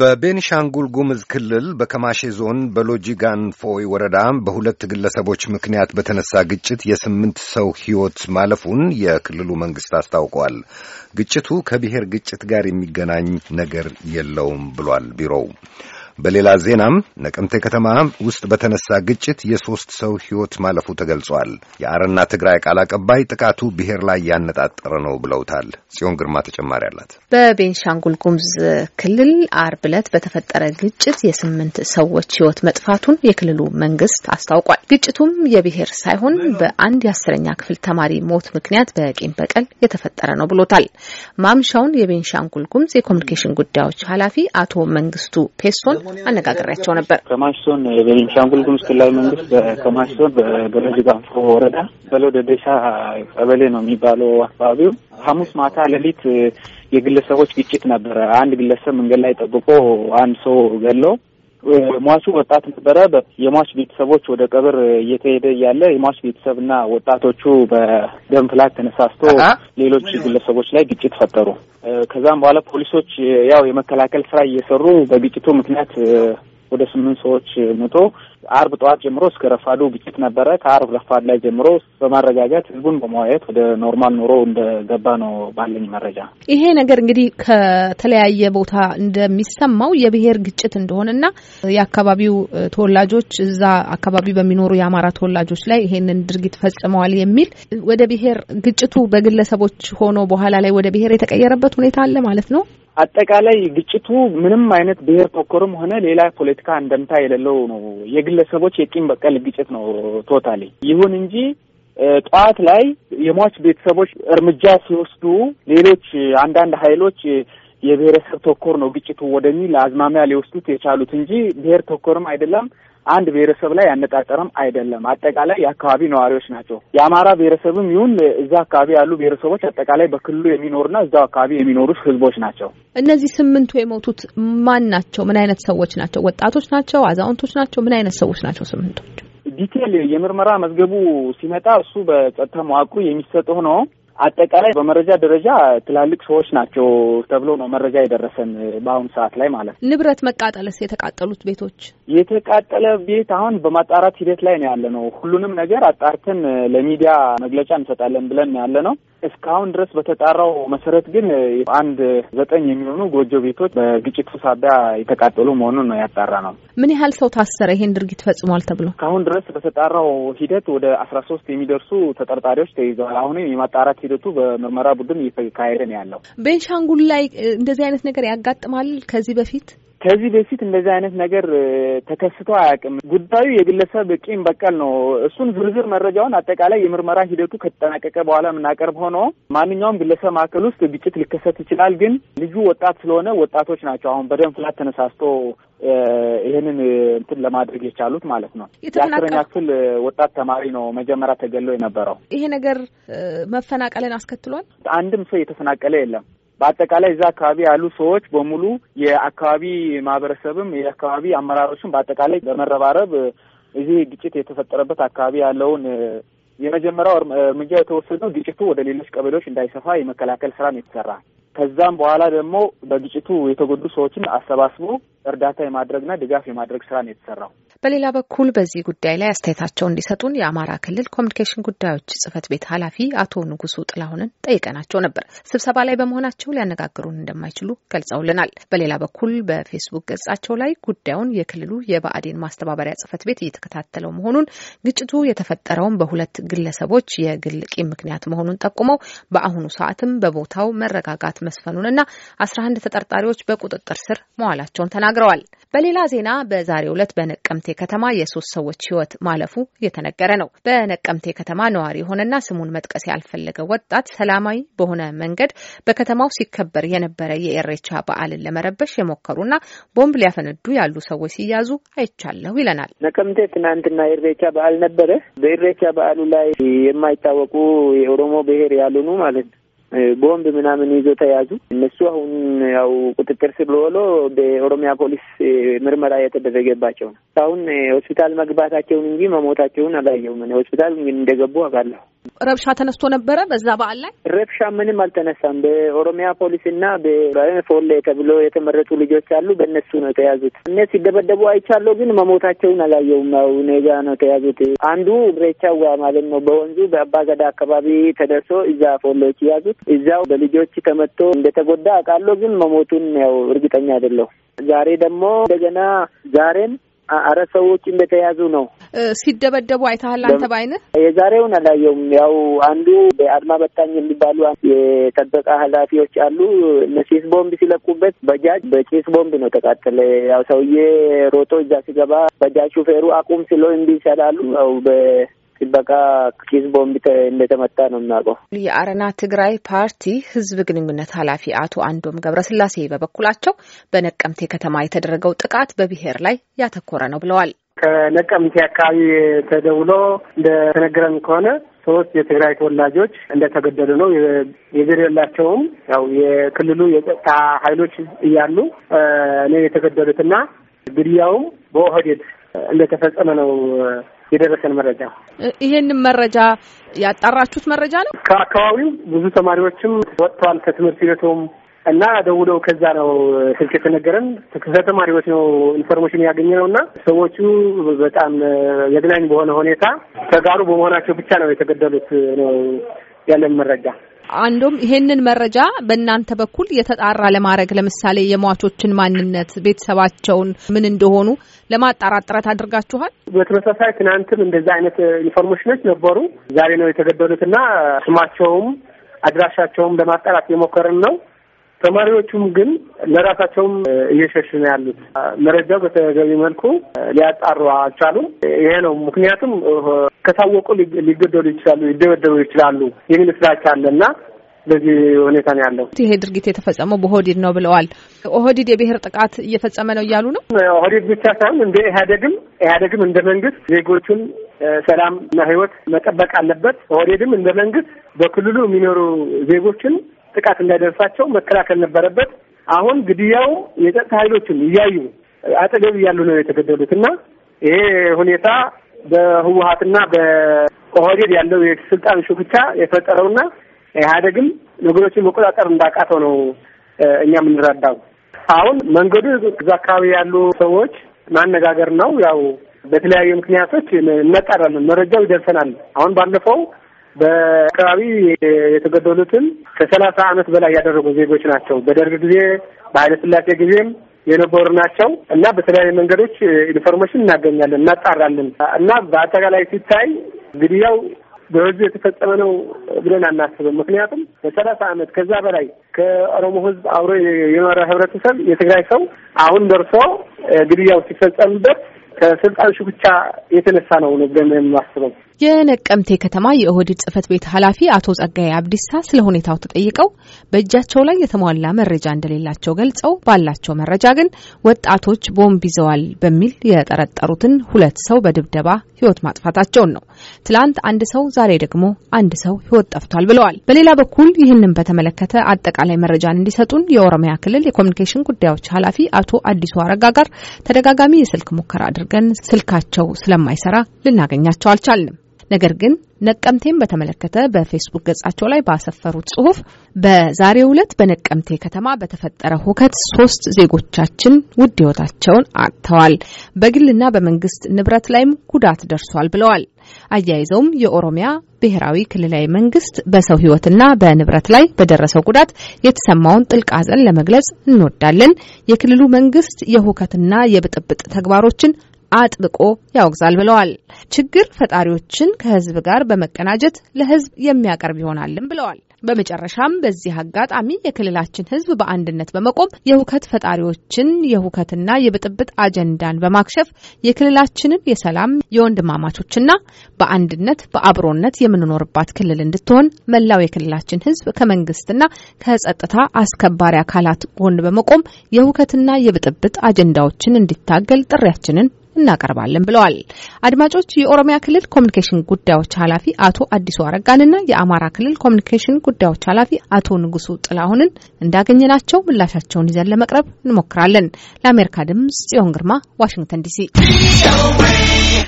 በቤኒሻንጉል ጉምዝ ክልል በከማሼ ዞን በሎጂጋን ፎይ ወረዳ በሁለት ግለሰቦች ምክንያት በተነሳ ግጭት የስምንት ሰው ሕይወት ማለፉን የክልሉ መንግሥት አስታውቋል። ግጭቱ ከብሔር ግጭት ጋር የሚገናኝ ነገር የለውም ብሏል ቢሮው። በሌላ ዜናም ነቀምቴ ከተማ ውስጥ በተነሳ ግጭት የሦስት ሰው ሕይወት ማለፉ ተገልጿል። የአረና ትግራይ ቃል አቀባይ ጥቃቱ ብሔር ላይ ያነጣጠረ ነው ብለውታል። ጽዮን ግርማ ተጨማሪ አላት። በቤንሻንጉል ጉሙዝ ክልል አርብ ዕለት በተፈጠረ ግጭት የስምንት ሰዎች ሕይወት መጥፋቱን የክልሉ መንግስት አስታውቋል። ግጭቱም የብሔር ሳይሆን በአንድ የአስረኛ ክፍል ተማሪ ሞት ምክንያት በቂም በቀል የተፈጠረ ነው ብሎታል። ማምሻውን የቤንሻንጉል ጉሙዝ የኮሚኒኬሽን ጉዳዮች ኃላፊ አቶ መንግስቱ ፔሶን አነጋግሬያቸው ነበር። ከማሽ ዞን በቤኒሻንጉል ጉሙዝ ክልላዊ መንግስት ከማሽ ዞን በደረጅ ጋንፎ ወረዳ ደደሻ ቀበሌ ነው የሚባለው አካባቢው ሐሙስ ማታ ሌሊት የግለሰቦች ግጭት ነበረ። አንድ ግለሰብ መንገድ ላይ ጠብቆ አንድ ሰው ገለው ሟቹ ወጣት ነበረ። የሟች ቤተሰቦች ወደ ቀብር እየተሄደ እያለ የሟች ቤተሰብና ወጣቶቹ በደም ፍላት ተነሳስቶ ሌሎች ግለሰቦች ላይ ግጭት ፈጠሩ። ከዛም በኋላ ፖሊሶች ያው የመከላከል ስራ እየሰሩ በግጭቱ ምክንያት ወደ ስምንት ሰዎች ምቶ አርብ ጠዋት ጀምሮ እስከ ረፋዱ ግጭት ነበረ። ከአርብ ረፋድ ላይ ጀምሮ በማረጋጋት ህዝቡን በመዋየት ወደ ኖርማል ኑሮ እንደገባ ነው ባለኝ መረጃ። ይሄ ነገር እንግዲህ ከተለያየ ቦታ እንደሚሰማው የብሔር ግጭት እንደሆነና የአካባቢው ተወላጆች እዛ አካባቢ በሚኖሩ የአማራ ተወላጆች ላይ ይሄንን ድርጊት ፈጽመዋል የሚል ወደ ብሔር ግጭቱ በግለሰቦች ሆኖ በኋላ ላይ ወደ ብሔር የተቀየረበት ሁኔታ አለ ማለት ነው። አጠቃላይ ግጭቱ ምንም አይነት ብሔር ተኮርም ሆነ ሌላ ፖለቲካ እንደምታ የሌለው ነው። የግለሰቦች የቂም በቀል ግጭት ነው ቶታሊ። ይሁን እንጂ ጠዋት ላይ የሟች ቤተሰቦች እርምጃ ሲወስዱ ሌሎች አንዳንድ ኃይሎች የብሔረሰብ ተኮር ነው ግጭቱ ወደሚል አዝማሚያ ሊወስዱት የቻሉት እንጂ ብሔር ተኮርም አይደለም። አንድ ብሔረሰብ ላይ ያነጣጠረም አይደለም። አጠቃላይ የአካባቢ ነዋሪዎች ናቸው። የአማራ ብሔረሰብም ይሁን እዛ አካባቢ ያሉ ብሔረሰቦች አጠቃላይ በክልሉ የሚኖሩና እዛው አካባቢ የሚኖሩ ህዝቦች ናቸው። እነዚህ ስምንቱ የሞቱት ማን ናቸው? ምን አይነት ሰዎች ናቸው? ወጣቶች ናቸው? አዛውንቶች ናቸው? ምን አይነት ሰዎች ናቸው ስምንቶች? ዲቴል የምርመራ መዝገቡ ሲመጣ እሱ በጸጥታ መዋቅሩ የሚሰጥ ሆኖ አጠቃላይ በመረጃ ደረጃ ትላልቅ ሰዎች ናቸው ተብሎ ነው መረጃ የደረሰን በአሁኑ ሰዓት ላይ ማለት ነው። ንብረት መቃጠልስ? የተቃጠሉት ቤቶች የተቃጠለ ቤት አሁን በማጣራት ሂደት ላይ ነው ያለ ነው። ሁሉንም ነገር አጣርተን ለሚዲያ መግለጫ እንሰጣለን ብለን ያለ ነው። እስካሁን ድረስ በተጣራው መሰረት ግን አንድ ዘጠኝ የሚሆኑ ጎጆ ቤቶች በግጭቱ ሳቢያ የተቃጠሉ መሆኑን ነው ያጣራ ነው። ምን ያህል ሰው ታሰረ? ይሄን ድርጊት ፈጽሟል ተብሎ እስካሁን ድረስ በተጣራው ሂደት ወደ አስራ ሶስት የሚደርሱ ተጠርጣሪዎች ተይዘዋል። አሁንም የማጣራት ሂደቱ በምርመራ ቡድን እየተካሄደ ነው ያለው። ቤንሻንጉል ላይ እንደዚህ አይነት ነገር ያጋጥማል ከዚህ በፊት ከዚህ በፊት እንደዚህ አይነት ነገር ተከስቶ አያውቅም። ጉዳዩ የግለሰብ ቂም በቀል ነው። እሱን ዝርዝር መረጃውን አጠቃላይ የምርመራ ሂደቱ ከተጠናቀቀ በኋላ የምናቀርብ ሆኖ ማንኛውም ግለሰብ ማዕከል ውስጥ ግጭት ሊከሰት ይችላል። ግን ልጁ ወጣት ስለሆነ ወጣቶች ናቸው አሁን በደም ፍላት ተነሳስቶ ይህንን እንትን ለማድረግ የቻሉት ማለት ነው። የአስረኛ ክፍል ወጣት ተማሪ ነው መጀመሪያ ተገለው የነበረው። ይሄ ነገር መፈናቀልን አስከትሏል። አንድም ሰው የተፈናቀለ የለም። በአጠቃላይ እዛ አካባቢ ያሉ ሰዎች በሙሉ የአካባቢ ማህበረሰብም የአካባቢ አመራሮችም በአጠቃላይ በመረባረብ እዚህ ግጭት የተፈጠረበት አካባቢ ያለውን የመጀመሪያው እርምጃ የተወሰደው ግጭቱ ወደ ሌሎች ቀበሌዎች እንዳይሰፋ የመከላከል ስራ ነው የተሰራ። ከዛም በኋላ ደግሞ በግጭቱ የተጎዱ ሰዎችን አሰባስቦ እርዳታ የማድረግና ድጋፍ የማድረግ ስራ ነው የተሰራው። በሌላ በኩል በዚህ ጉዳይ ላይ አስተያየታቸው እንዲሰጡን የአማራ ክልል ኮሚኒኬሽን ጉዳዮች ጽህፈት ቤት ኃላፊ አቶ ንጉሱ ጥላሁንን ጠይቀናቸው ነበር። ስብሰባ ላይ በመሆናቸው ሊያነጋግሩን እንደማይችሉ ገልጸውልናል። በሌላ በኩል በፌስቡክ ገጻቸው ላይ ጉዳዩን የክልሉ የብአዴን ማስተባበሪያ ጽህፈት ቤት እየተከታተለው መሆኑን፣ ግጭቱ የተፈጠረውን በሁለት ግለሰቦች የግል ቂም ምክንያት መሆኑን ጠቁመው በአሁኑ ሰዓትም በቦታው መረጋጋት መስፈኑንና አስራ አንድ ተጠርጣሪዎች በቁጥጥር ስር መዋላቸውን ተናግረዋል። ተናግረዋል። በሌላ ዜና በዛሬው ዕለት በነቀምቴ ከተማ የሶስት ሰዎች ህይወት ማለፉ እየተነገረ ነው። በነቀምቴ ከተማ ነዋሪ የሆነና ስሙን መጥቀስ ያልፈለገ ወጣት ሰላማዊ በሆነ መንገድ በከተማው ሲከበር የነበረ የኤሬቻ በዓልን ለመረበሽ የሞከሩና ቦምብ ሊያፈነዱ ያሉ ሰዎች ሲያዙ አይቻለሁ ይለናል። ነቀምቴ ትናንትና የኢሬቻ በዓል ነበረ። በኤሬቻ በዓሉ ላይ የማይታወቁ የኦሮሞ ብሔር ያልሆኑ ማለት ነው ቦምብ ምናምን ይዞ ተያዙ። እነሱ አሁን ያው ቁጥጥር ስር ውሎ በኦሮሚያ ፖሊስ ምርመራ የተደረገባቸው ነው። አሁን ሆስፒታል መግባታቸውን እንጂ መሞታቸውን አላየሁም። ሆስፒታል እንደገቡ አውቃለሁ። ረብሻ ተነስቶ ነበረ በዛ በዓል ላይ? ረብሻ ምንም አልተነሳም። በኦሮሚያ ፖሊስ እና በፎሌ ተብሎ የተመረጡ ልጆች አሉ። በእነሱ ነው የተያዙት። እነ ሲደበደቡ አይቻለሁ፣ ግን መሞታቸውን አላየውም። ያው ኔጋ ነው የተያዙት። አንዱ ሬቻዋ ማለት ነው በወንዙ በአባገዳ አካባቢ ተደርሶ እዛ ፎሎች ያዙት። እዛው በልጆች ተመቶ እንደተጎዳ አውቃለሁ፣ ግን መሞቱን ያው እርግጠኛ አይደለሁ። ዛሬ ደግሞ እንደገና ዛሬም አራት ሰዎች እንደተያዙ ነው ሲደበደቡ አይተሃል አንተ በአይንህ? የዛሬውን አላየውም። ያው አንዱ አድማ በታኝ የሚባሉ የጠበቃ ኃላፊዎች አሉ። ጭስ ቦምብ ሲለቁበት በጃጅ በጭስ ቦምብ ነው ተቃጠለ። ያው ሰውዬ ሮጦ እዛ ሲገባ በጃጅ ሹፌሩ አቁም ሲሎ እምቢ ይሰላሉ። ያው ጥበቃ ኪስ ቦምብ እንደተመታ ነው የምናውቀው። የአረና ትግራይ ፓርቲ ህዝብ ግንኙነት ኃላፊ አቶ አንዶም ገብረስላሴ በበኩላቸው በነቀምቴ ከተማ የተደረገው ጥቃት በብሔር ላይ ያተኮረ ነው ብለዋል። ከነቀምቴ አካባቢ ተደውሎ እንደተነገረን ከሆነ ሶስት የትግራይ ተወላጆች እንደተገደሉ ነው። የዘር የላቸውም። ያው የክልሉ የጸጥታ ኃይሎች እያሉ ነው የተገደሉትና ግድያውም በኦህዴድ እንደተፈጸመ ነው የደረሰን መረጃ። ይህንን መረጃ ያጣራችሁት መረጃ ነው? ከአካባቢው ብዙ ተማሪዎችም ወጥተዋል ከትምህርት ቤቱም እና ደውለው ከዛ ነው ስልክ የተነገረን። ከተማሪዎች ነው ኢንፎርሜሽን ያገኘ ነው እና ሰዎቹ በጣም ዘግናኝ በሆነ ሁኔታ ተጋሩ በመሆናቸው ብቻ ነው የተገደሉት ነው ያለን መረጃ። አንዱም ይሄንን መረጃ በእናንተ በኩል የተጣራ ለማድረግ ለምሳሌ የሟቾችን ማንነት፣ ቤተሰባቸውን ምን እንደሆኑ ለማጣራት ጥረት አድርጋችኋል? በተመሳሳይ ትናንትም እንደዛ አይነት ኢንፎርሜሽኖች ነበሩ። ዛሬ ነው የተገደሉት እና ስማቸውም አድራሻቸውም ለማጣራት የሞከርን ነው። ተማሪዎቹም ግን ለራሳቸውም እየሸሽ ነው ያሉት። መረጃው በተገቢ መልኩ ሊያጣሩ አልቻሉም። ይሄ ነው ምክንያቱም ከታወቁ ሊገደሉ ይችላሉ፣ ሊደበደሩ ይችላሉ የሚል ስራቻ አለ እና በዚህ ሁኔታ ነው ያለው። ይሄ ድርጊት የተፈጸመው በኦህዴድ ነው ብለዋል። ኦህዴድ የብሔር ጥቃት እየፈጸመ ነው እያሉ ነው። ኦህዴድ ብቻ ሳይሆን እንደ ኢህአዴግም ኢህአዴግም እንደ መንግስት ዜጎቹን ሰላምና ህይወት መጠበቅ አለበት። ኦህዴድም እንደ መንግስት በክልሉ የሚኖሩ ዜጎችን ጥቃት እንዳይደርሳቸው መከላከል ነበረበት። አሁን ግድያው የጸጥታ ኃይሎችን እያዩ አጠገብ እያሉ ነው የተገደሉት እና ይሄ ሁኔታ በህወሀትና በኦህዴድ ያለው የስልጣን ሹክቻ የፈጠረውና ኢህአዴግም ነገሮችን መቆጣጠር እንዳቃተው ነው እኛ የምንረዳው። አሁን መንገዱ እዛ አካባቢ ያሉ ሰዎች ማነጋገር ነው። ያው በተለያዩ ምክንያቶች እናጣራለን፣ መረጃው ይደርሰናል። አሁን ባለፈው በአካባቢ የተገደሉትን ከሰላሳ አመት በላይ ያደረጉ ዜጎች ናቸው። በደርግ ጊዜ በኃይለ ሥላሴ ጊዜም የነበሩ ናቸው እና በተለያዩ መንገዶች ኢንፎርሜሽን እናገኛለን፣ እናጣራለን እና በአጠቃላይ ሲታይ ግድያው በህዝብ የተፈጸመ ነው ብለን አናስብም። ምክንያቱም በሰላሳ አመት ከዛ በላይ ከኦሮሞ ህዝብ አብሮ የኖረ ህብረተሰብ የትግራይ ሰው አሁን ደርሶ ግድያው ሲፈጸምበት ከስልጣን ሽኩቻ የተነሳ ነው ብለን የማስበው። የነቀምቴ ከተማ የኦህዴድ ጽህፈት ቤት ኃላፊ አቶ ጸጋዬ አብዲሳ ስለ ሁኔታው ተጠይቀው በእጃቸው ላይ የተሟላ መረጃ እንደሌላቸው ገልጸው ባላቸው መረጃ ግን ወጣቶች ቦምብ ይዘዋል በሚል የጠረጠሩትን ሁለት ሰው በድብደባ ህይወት ማጥፋታቸውን ነው። ትላንት አንድ ሰው፣ ዛሬ ደግሞ አንድ ሰው ህይወት ጠፍቷል ብለዋል። በሌላ በኩል ይህንን በተመለከተ አጠቃላይ መረጃን እንዲሰጡን የኦሮሚያ ክልል የኮሚኒኬሽን ጉዳዮች ኃላፊ አቶ አዲሱ አረጋ ጋር ተደጋጋሚ የስልክ ሙከራ አድርገን ስልካቸው ስለማይሰራ ልናገኛቸው አልቻልንም። ነገር ግን ነቀምቴን በተመለከተ በፌስቡክ ገጻቸው ላይ ባሰፈሩት ጽሁፍ በዛሬው ዕለት በነቀምቴ ከተማ በተፈጠረ ሁከት ሶስት ዜጎቻችን ውድ ህይወታቸውን አጥተዋል፣ በግልና በመንግስት ንብረት ላይም ጉዳት ደርሷል ብለዋል። አያይዘውም የኦሮሚያ ብሔራዊ ክልላዊ መንግስት በሰው ህይወትና በንብረት ላይ በደረሰው ጉዳት የተሰማውን ጥልቅ ሐዘን ለመግለጽ እንወዳለን። የክልሉ መንግስት የሁከትና የብጥብጥ ተግባሮችን አጥብቆ ያወግዛል ብለዋል። ችግር ፈጣሪዎችን ከህዝብ ጋር በመቀናጀት ለህዝብ የሚያቀርብ ይሆናልም ብለዋል። በመጨረሻም በዚህ አጋጣሚ የክልላችን ህዝብ በአንድነት በመቆም የሁከት ፈጣሪዎችን የሁከትና የብጥብጥ አጀንዳን በማክሸፍ የክልላችንን የሰላም የወንድማማቾችና በአንድነት በአብሮነት የምንኖርባት ክልል እንድትሆን መላው የክልላችን ህዝብ ከመንግስትና ከጸጥታ አስከባሪ አካላት ጎን በመቆም የሁከትና የብጥብጥ አጀንዳዎችን እንዲታገል ጥሪያችንን እናቀርባለን ብለዋል። አድማጮች የኦሮሚያ ክልል ኮሚኒኬሽን ጉዳዮች ኃላፊ አቶ አዲሱ አረጋንና የአማራ ክልል ኮሚኒኬሽን ጉዳዮች ኃላፊ አቶ ንጉሱ ጥላሁንን እንዳገኘናቸው ምላሻቸውን ይዘን ለመቅረብ እንሞክራለን። ለአሜሪካ ድምጽ ጽዮን ግርማ ዋሽንግተን ዲሲ